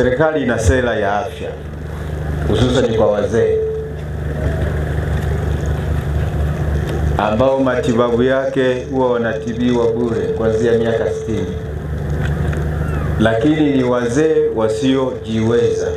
Serikali ina sera ya afya hususan kwa wazee ambao matibabu yake huwa wanatibiwa bure kuanzia miaka 60, lakini ni wazee wasiojiweza,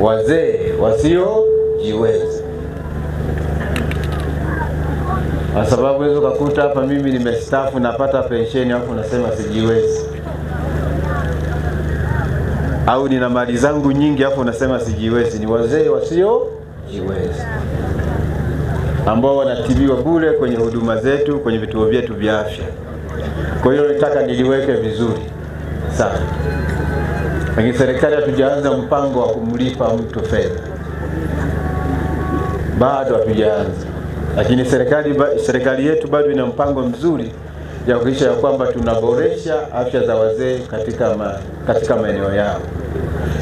wazee wasiojiweza. Kwa sababu hizo kakuta hapa mimi nimestaafu napata pensheni, alafu nasema sijiwezi au nina mali zangu nyingi afu unasema sijiwezi. Ni wazee wasiojiwezi ambao wanatibiwa bure kwenye huduma zetu, kwenye vituo vyetu vya afya. Kwa hiyo nataka niliweke vizuri sana, lakini serikali hatujaanza mpango wa kumlipa mtu fedha, bado hatujaanza, lakini serikali, serikali yetu bado ina mpango mzuri ya kuhakikisha ya kwamba tunaboresha afya za wazee katika ma, katika maeneo yao.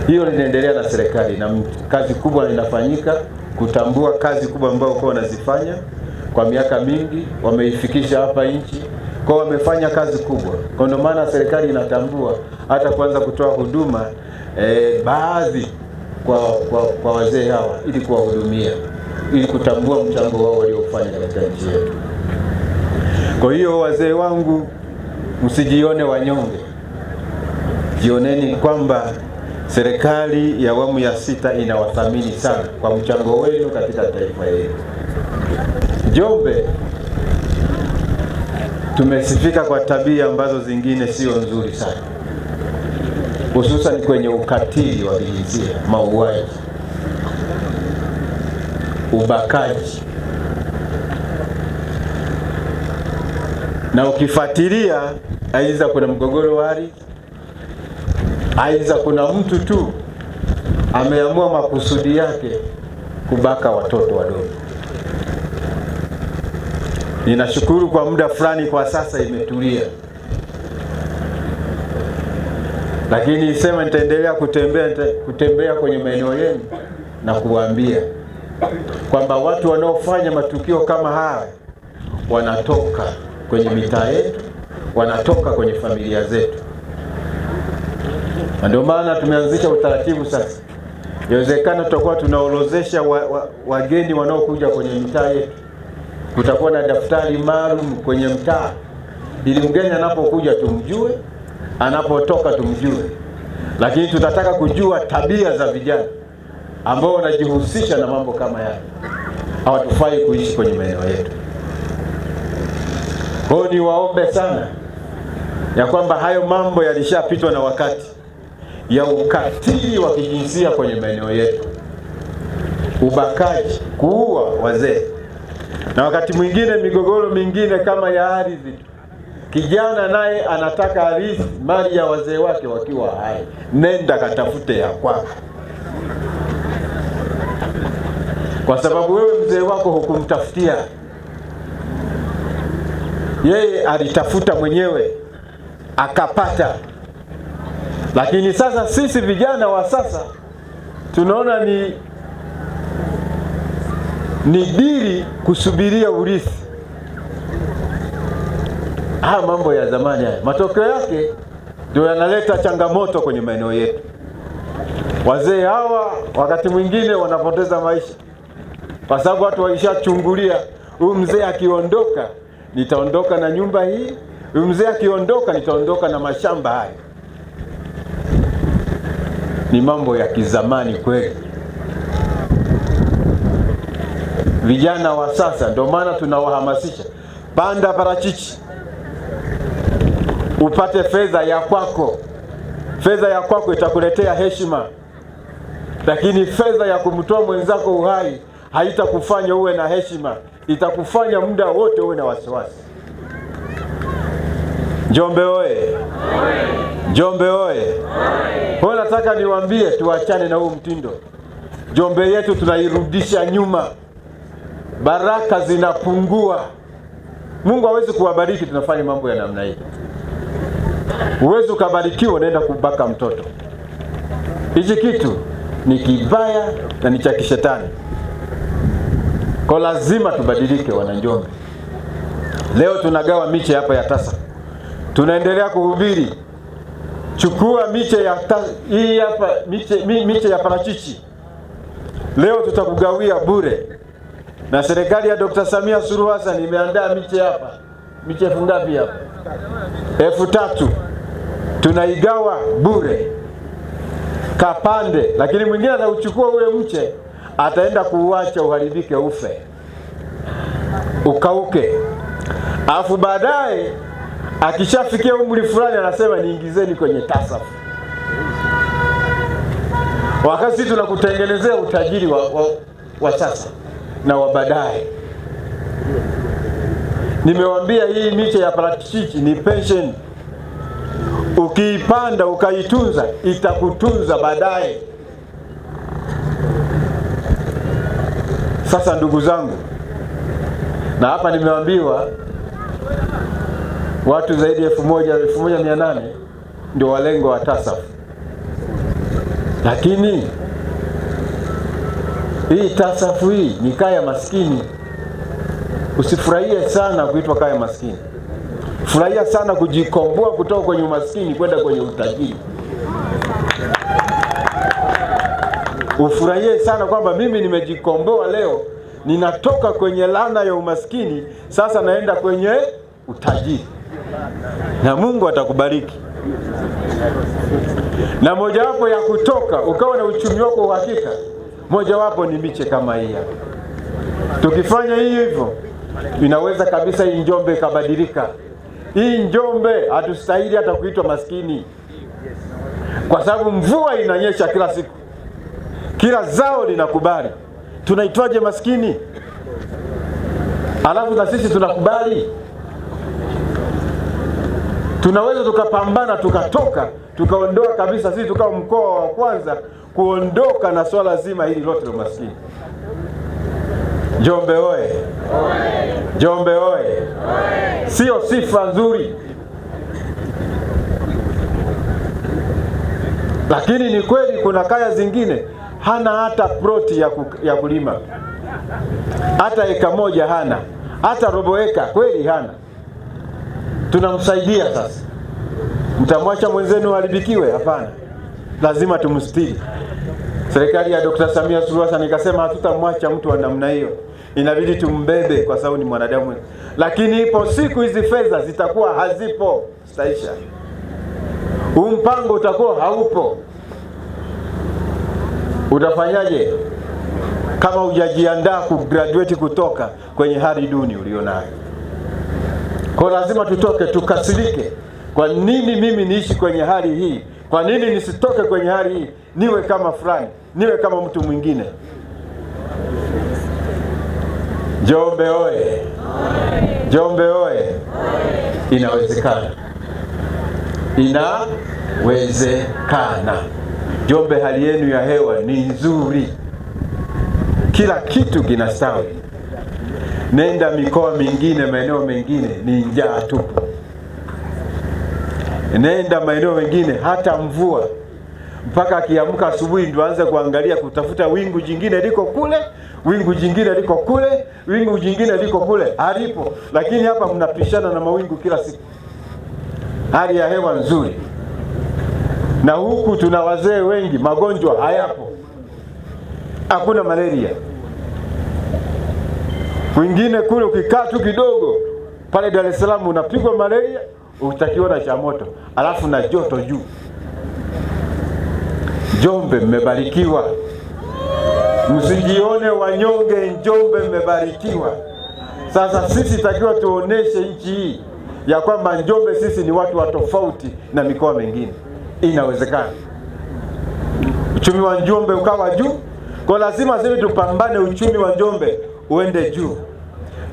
Hiyo linaendelea na serikali na kazi kubwa inafanyika kutambua kazi kubwa ambayo kwa wanazifanya kwa miaka mingi, wameifikisha hapa nchi kwa wamefanya kazi kubwa, kwa ndio maana serikali inatambua hata kuanza kutoa huduma e, baadhi kwa, kwa, kwa wazee hawa ili kuwahudumia ili kutambua mchango wao waliofanya katika nchi yetu. Kwa hiyo wazee wangu, msijione wanyonge, jioneni kwamba serikali ya awamu ya sita inawathamini sana kwa mchango wenu katika taifa hili. Njombe tumesifika kwa tabia ambazo zingine sio nzuri sana, hususan kwenye ukatili wa kijinsia, mauaji, ubakaji na ukifuatilia, aidha kuna mgogoro wa ardhi, aidha kuna mtu tu ameamua makusudi yake kubaka watoto wadogo. Ninashukuru kwa muda fulani, kwa sasa imetulia, lakini isema nitaendelea kutembea kutembea kwenye maeneo yenu na kuwaambia kwamba watu wanaofanya matukio kama haya wanatoka kwenye mitaa yetu, wanatoka kwenye familia zetu. Ndio maana tumeanzisha utaratibu sasa, inawezekana tutakuwa tunaorozesha wageni wa, wageni wanaokuja kwenye mitaa yetu. Kutakuwa na daftari maalum kwenye mtaa, ili mgeni anapokuja tumjue, anapotoka tumjue. Lakini tutataka kujua tabia za vijana ambao wanajihusisha na mambo kama yale, hawatufai kuishi kwenye maeneo yetu. Kwa hiyo niwaombe sana ya kwamba hayo mambo yalishapitwa na wakati ya ukatili wa kijinsia kwenye maeneo yetu, ubakaji, kuua wazee, na wakati mwingine migogoro mingine kama ya ardhi. Kijana naye anataka ardhi, mali ya wazee wake wakiwa hai, nenda katafute ya kwako, kwa sababu wewe mzee wako hukumtafutia yeye alitafuta mwenyewe akapata. Lakini sasa sisi vijana wa sasa tunaona ni ni dili kusubiria urithi. Haya mambo ya zamani haya, matokeo yake ndio yanaleta changamoto kwenye maeneo yetu. Wazee hawa wakati mwingine wanapoteza maisha, kwa sababu watu walishachungulia, huyu mzee akiondoka nitaondoka na nyumba hii, mzee akiondoka, nitaondoka na mashamba haya. Ni mambo ya kizamani kweli. Vijana wa sasa, ndio maana tunawahamasisha, panda parachichi upate fedha ya kwako. Fedha ya kwako itakuletea heshima, lakini fedha ya kumtoa mwenzako uhai haitakufanya uwe na heshima itakufanya muda wote uwe na wasiwasi. Njombe oye! Njombe oye! Kwa nataka niwaambie, tuachane na huu mtindo. Njombe yetu tunairudisha nyuma, baraka zinapungua. Mungu hawezi kuwabariki tunafanya mambo ya namna hii. huwezi ukabarikiwa unaenda kubaka mtoto. Hichi kitu ni kibaya na ni cha kishetani. Kwa lazima tubadilike, Wananjombe. Leo tunagawa miche hapa ya tasa, tunaendelea kuhubiri, chukua miche ya tasa, hii hapa miche, miche ya parachichi leo tutakugawia bure, na serikali ya Dr. Samia Suluhu Hassan imeandaa miche hapa, miche elfu ngapi hapa? elfu tatu tunaigawa bure, kapande. Lakini mwingine anauchukua ule mche ataenda kuuacha uharibike, ufe, ukauke, alafu baadaye akishafikia umri fulani anasema niingizeni kwenye tasafu, wakati sisi tunakutengenezea utajiri wa, wa, wa sasa na wa baadaye. Nimewambia hii miche ya parachichi ni pensheni, ukiipanda ukaitunza itakutunza baadaye. Sasa ndugu zangu, na hapa nimeambiwa watu zaidi ya elfu moja elfu moja mia nane ndio walengo wa TASAF, lakini hii TASAF hii ni kaya maskini. Usifurahie sana kuitwa kaya maskini, furahia sana kujikomboa kutoka kwenye umaskini kwenda kwenye utajiri. Ufurahie sana kwamba mimi nimejikomboa leo, ninatoka kwenye laana ya umaskini, sasa naenda kwenye utajiri, na Mungu atakubariki. Na mojawapo ya kutoka ukawa na uchumi wako uhakika, mojawapo ni miche kama hii hapa. Tukifanya hii hivyo, inaweza kabisa hii Njombe ikabadilika. Hii Njombe hatustahili hata kuitwa maskini, kwa sababu mvua inanyesha kila siku kila zao linakubali, tunaitwaje maskini? Alafu na sisi tunakubali, tunaweza tukapambana, tukatoka, tukaondoa kabisa, sisi tukawa mkoa wa kwanza kuondoka na swala zima hili lote la umaskini. Njombe oye! Njombe oye! Sio sifa nzuri, lakini ni kweli kuna kaya zingine hana hata ploti ya, ku, ya kulima hata eka moja hana hata robo eka kweli hana. Tunamsaidia sasa, mtamwacha mwenzenu haribikiwe? Hapana, lazima tumstiri. Serikali ya Dr. Samia Suluhu Hassan ikasema hatutamwacha mtu wa namna hiyo, inabidi tumbebe kwa sababu ni mwanadamu. Lakini ipo siku hizi fedha zitakuwa hazipo, zitaisha, huu mpango utakuwa haupo. Utafanyaje kama hujajiandaa kugraduate kutoka kwenye hali duni ulionayo? Kwa lazima tutoke, tukasirike. Kwa nini mimi niishi kwenye hali hii? Kwa nini nisitoke kwenye hali hii, niwe kama fulani, niwe kama mtu mwingine? Njombe oye! Njombe oye! Inawezekana, inawezekana. Njombe, hali yenu ya hewa ni nzuri, kila kitu kinastawi. Nenda mikoa mingine, maeneo mengine ni njaa tu. Nenda maeneo mengine hata mvua mpaka akiamka asubuhi ndio anze kuangalia kutafuta wingu jingine liko kule, wingu jingine liko kule, wingu jingine liko kule, halipo. Lakini hapa mnapishana na mawingu kila siku. Hali ya hewa nzuri na huku tuna wazee wengi, magonjwa hayapo, hakuna malaria. Kwingine kule ukikaa tu kidogo pale Dar es Salaam unapigwa malaria, utakiwa na cha moto, alafu na joto juu. Njombe mmebarikiwa, msijione wanyonge. Njombe mmebarikiwa. Sasa sisi takiwa tuoneshe nchi hii ya kwamba Njombe sisi ni watu wa tofauti na mikoa mingine inawezekana, uchumi wa Njombe ukawa juu. Kwa lazima sisi tupambane, uchumi wa Njombe uende juu,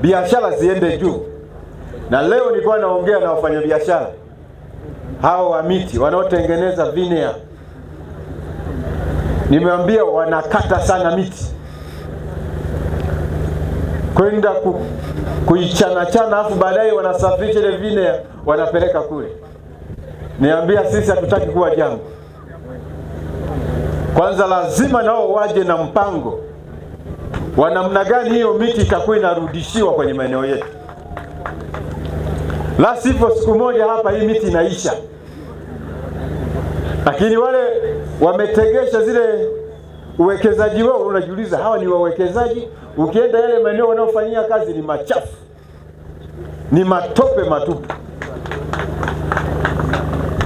biashara ziende juu. Na leo nilikuwa naongea na wafanyabiashara hao wa miti wanaotengeneza vinea, nimeambia wanakata sana miti kwenda kuichanachana, afu baadaye wanasafisha ile vinea wanapeleka kule niambia, sisi hatutaki kuwa jangwa. Kwanza lazima nao waje na mpango wa namna gani hiyo miti itakuwa inarudishiwa kwenye maeneo yetu, la sivyo siku moja hapa hii miti inaisha. Lakini wale wametegesha zile uwekezaji wao, unajiuliza hawa ni wawekezaji. Ukienda yale maeneo wanaofanyia kazi ni machafu, ni matope matupu.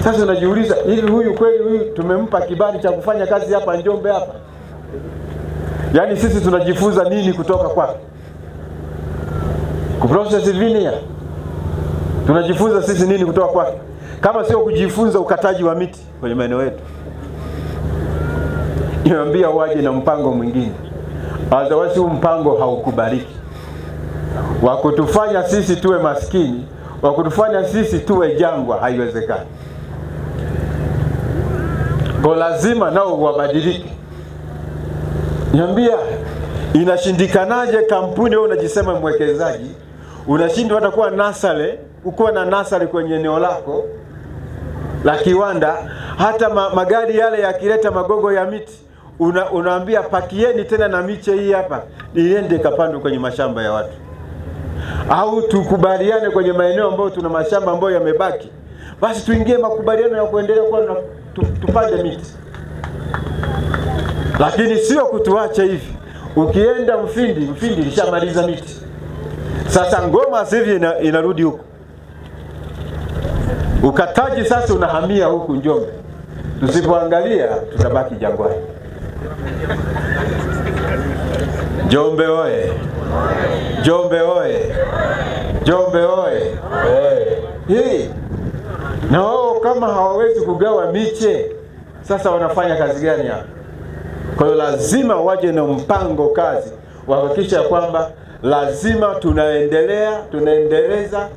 Sasa unajiuliza hivi, huyu kweli huyu tumempa kibali cha kufanya kazi hapa Njombe hapa? Yaani sisi tunajifunza nini kutoka kwake? Kuprocess vinia tunajifunza sisi nini kutoka kwake, kama sio kujifunza ukataji wa miti kwenye maeneo yetu? Niambia waje na mpango mwingine, otherwise huu mpango haukubaliki, wa kutufanya sisi tuwe maskini, wa kutufanya sisi tuwe jangwa, haiwezekani ndo lazima nao wabadilike. Niambia, inashindikanaje kampuni wewe unajisema mwekezaji unashindwa hata kuwa nasale ukuwa na nasale kwenye eneo lako la kiwanda, hata ma, magari yale yakileta magogo ya miti una, unaambia pakieni tena na miche hii hapa iende ikapandwe kwenye mashamba ya watu, au tukubaliane kwenye maeneo ambayo tuna mashamba ambayo yamebaki, basi tuingie makubaliano ya kuendelea kuwa tupande miti, lakini sio kutuacha hivi. Ukienda Mfindi, Mfindi ilishamaliza miti, sasa Ngoma sivyo ina, inarudi huko. Ukataji sasa unahamia huku Njombe, tusipoangalia tutabaki jangwani. Njombe oye! Njombe oye! Njombe oye! Hii No kama hawawezi kugawa miche, sasa wanafanya kazi gani hapa? Kwa hiyo lazima waje na mpango kazi, wahakikisha kwamba lazima tunaendelea tunaendeleza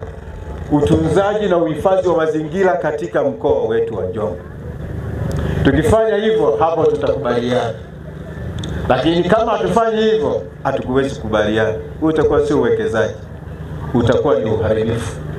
utunzaji na uhifadhi wa mazingira katika mkoa wetu wa Njombe. Tukifanya hivyo, hapo tutakubaliana, lakini kama hatufanyi hivyo, hatukuwezi kubaliana. Huo utakuwa sio uwekezaji, utakuwa ni uharibifu.